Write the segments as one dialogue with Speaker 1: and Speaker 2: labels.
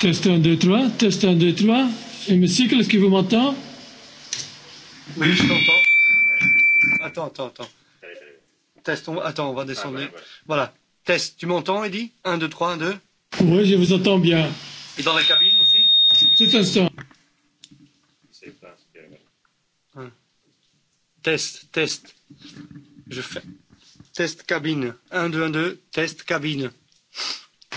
Speaker 1: Test 1, 2, 3, test 1, 2, 3. Et Hémicycle, est-ce que vous m'entend Oui, je t'entends. Attends, attends, attends. Test, on... Attends, on va descendre. voilà. Test, tu m'entends, Eddy 1, 2, 3, 1, 2. Oui, je vous entends bien. Et dans la cabine aussi Tout instant. Test, test. Je fais. Test cabine. 1, 2, 1, 2, test cabine.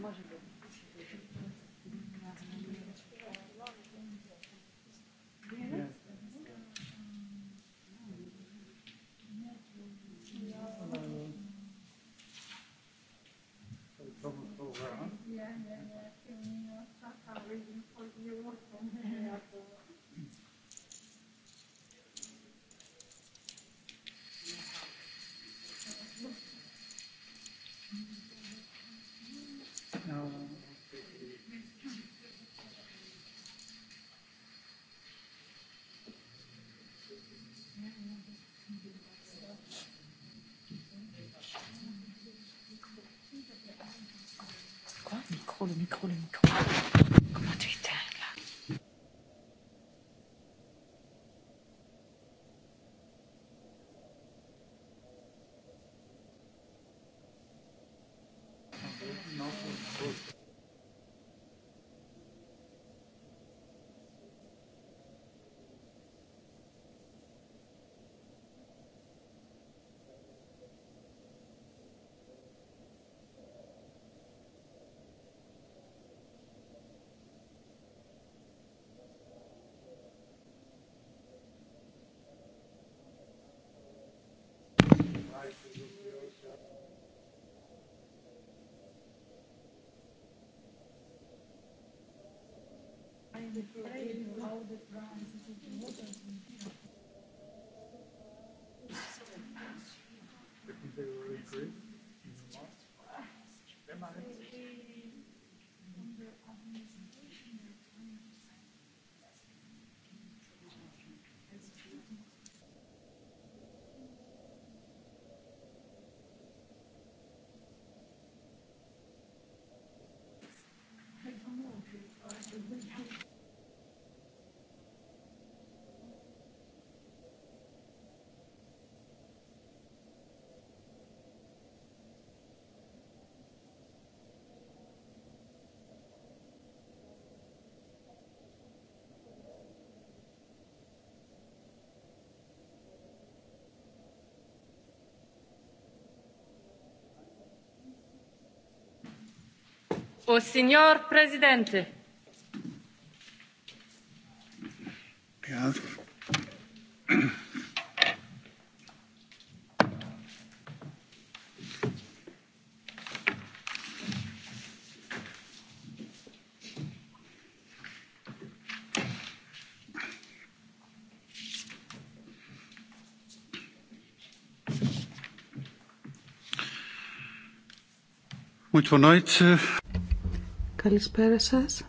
Speaker 1: Μόλι δεν micro, le micro, le micro. o Signor Presidente. Muito boa noite.
Speaker 2: Καλησπέρα σας.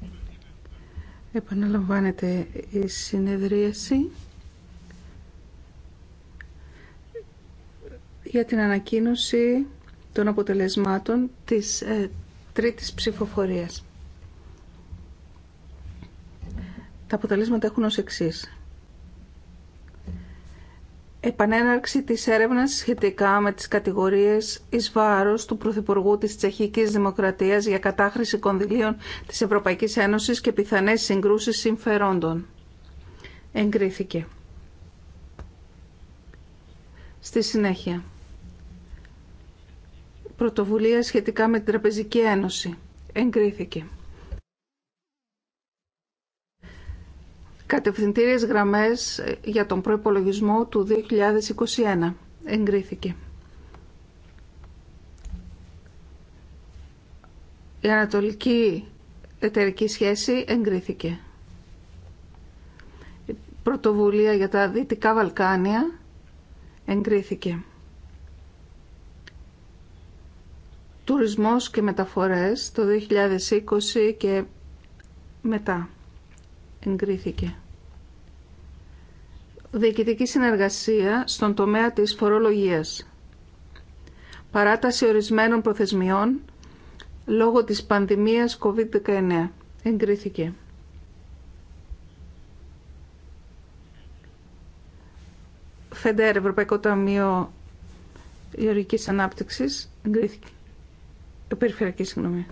Speaker 2: Επαναλαμβάνεται η συνεδρίαση για την ανακοίνωση των αποτελεσμάτων της ε, τρίτης ψηφοφορίας. Τα αποτελέσματα έχουν ως εξής επανέναρξη της έρευνας σχετικά με τις κατηγορίες εις βάρος του Πρωθυπουργού της Τσεχικής Δημοκρατίας για κατάχρηση κονδυλίων της Ευρωπαϊκής Ένωσης και πιθανές συγκρούσεις συμφερόντων. Εγκρίθηκε. Στη συνέχεια. Πρωτοβουλία σχετικά με την Τραπεζική Ένωση. Εγκρίθηκε. Κατευθυντήριες γραμμές για τον προϋπολογισμό του 2021 εγκρίθηκε. Η ανατολική εταιρική σχέση εγκρίθηκε. Η πρωτοβουλία για τα Δυτικά Βαλκάνια εγκρίθηκε. Τουρισμός και μεταφορές το 2020 και μετά εγκρίθηκε. Διοικητική συνεργασία στον τομέα της φορολογίας. Παράταση ορισμένων προθεσμιών λόγω της πανδημίας COVID-19. Εγκρίθηκε. ΦΕΝΤΕΡ, Ευρωπαϊκό Ταμείο Ιωρικής Ανάπτυξης, εγκρίθηκε. Ε, περιφερειακή, συγγνώμη.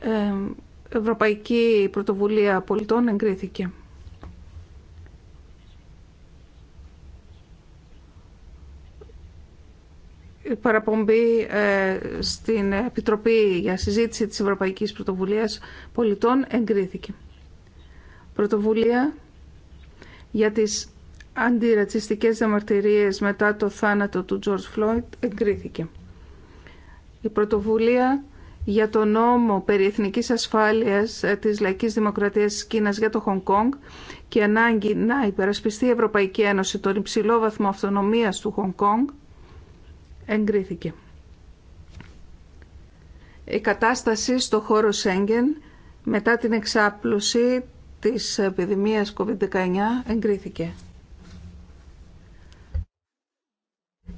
Speaker 2: Ε, Ευρωπαϊκή Πρωτοβουλία Πολιτών εγκρίθηκε. Η παραπομπή ε, στην Επιτροπή για συζήτηση της Ευρωπαϊκής Πρωτοβουλίας Πολιτών εγκρίθηκε. Πρωτοβουλία για τις αντιρατσιστικές διαμαρτυρίες μετά το θάνατο του George Floyd εγκρίθηκε. Η πρωτοβουλία για το νόμο περί εθνικής ασφάλειας ε, της λαϊκής δημοκρατίας της Κίνας για το Χονγκ Κόνγκ και ανάγκη να υπερασπιστεί η Ευρωπαϊκή Ένωση τον υψηλό βαθμό αυτονομίας του Χονγκ Κόνγκ εγκρίθηκε. Η κατάσταση στο χώρο Σέγγεν μετά την εξάπλωση της επιδημίας COVID-19 εγκρίθηκε.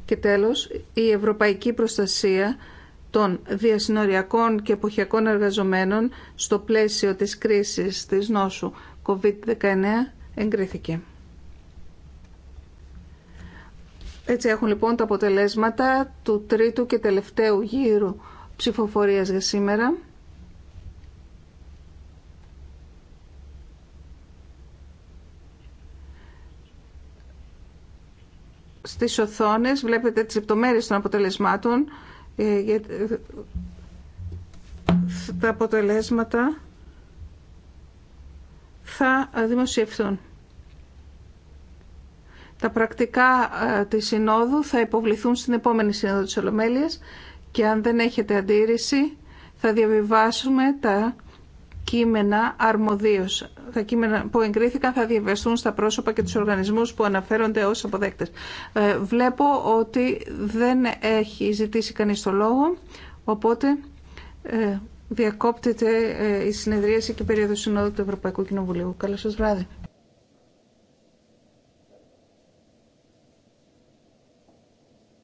Speaker 2: Και τέλος, η ευρωπαϊκή προστασία των διασυνοριακών και εποχιακών εργαζομένων στο πλαίσιο της κρίσης της νόσου COVID-19 εγκρίθηκε. Έτσι έχουν λοιπόν τα αποτελέσματα του τρίτου και τελευταίου γύρου ψηφοφορίας για σήμερα. Στις οθόνες βλέπετε τις λεπτομέρειες των αποτελεσμάτων ε, για τα αποτελέσματα θα δημοσιευθούν. Τα πρακτικά ε, της Συνόδου θα υποβληθούν στην επόμενη Σύνοδο της Ολομέλειας και αν δεν έχετε αντίρρηση θα διαβιβάσουμε τα κείμενα αρμοδίως. Τα κείμενα που εγκρίθηκαν θα διαβεστούν στα πρόσωπα και τους οργανισμούς που αναφέρονται ως αποδέκτες. Ε, βλέπω ότι δεν έχει ζητήσει κανείς το λόγο, οπότε ε, διακόπτεται ε, η συνεδρίαση και η περίοδος συνόδου του Ευρωπαϊκού Κοινοβουλίου. Καλό σας βράδυ.